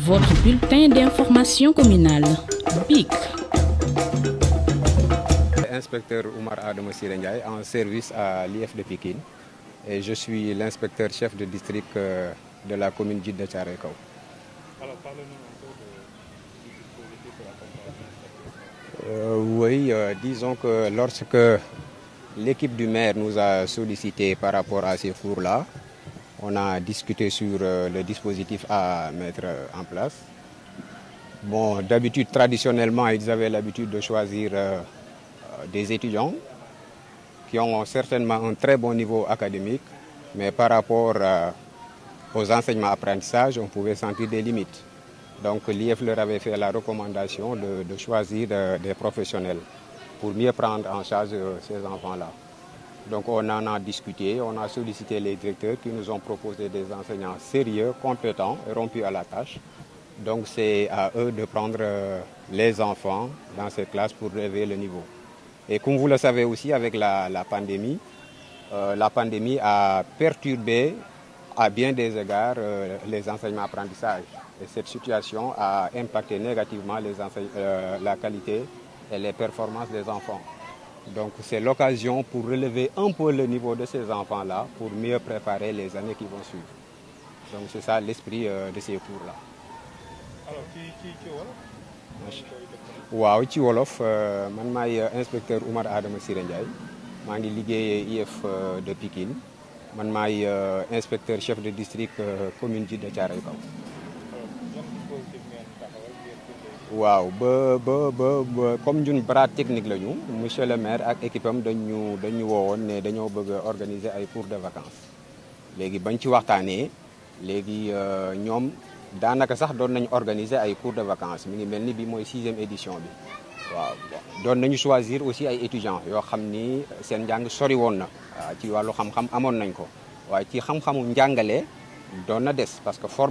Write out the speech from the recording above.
Votre bulletin d'information communale, BIC. Inspecteur Oumar Adamo en service à l'IF de Pékin. Et je suis l'inspecteur chef de district euh, de la commune de Alors, parlez-nous un peu de pour euh, Oui, euh, disons que lorsque l'équipe du maire nous a sollicité par rapport à ces fours là on a discuté sur euh, le dispositif à mettre euh, en place. Bon, d'habitude, traditionnellement, ils avaient l'habitude de choisir euh, des étudiants qui ont certainement un très bon niveau académique, mais par rapport aux enseignements apprentissage, on pouvait sentir des limites. Donc l'IF leur avait fait la recommandation de choisir des professionnels pour mieux prendre en charge ces enfants-là. Donc on en a discuté, on a sollicité les directeurs qui nous ont proposé des enseignants sérieux, compétents et rompus à la tâche. Donc c'est à eux de prendre euh, les enfants dans ces classes pour relever le niveau. Et comme vous le savez aussi avec la, pandémie, euh, la pandémie a perturbé à bien des égards euh, les enseignements-apprentissages. Et cette situation a impacté négativement la qualité et les performances des enfants. Donc c'est l'occasion pour relever un peu le niveau de ces enfants-là pour mieux préparer les années qui vont suivre. Donc c'est ça l'esprit euh, de ces cours-là. Alors, qui, est Wolof waaw Wolof je euh, suis euh, inspecteur Oumar Adam Siré Je suis ligué IF de Pikine Je suis inspecteur chef de district commune de Tcharaïkaou comme nous bras technique monsieur le maire et l'équipe nous dañu dañu cours de vacances Nous avons ci waxtaanee léegi euh, de sax cours de vacances mi ngi 6 sixième édition bi waaw choisir aussi les étudiants Nous y a seen njàng sori ci xam-xam nañ ko avons ci xam doon na avons parce que pour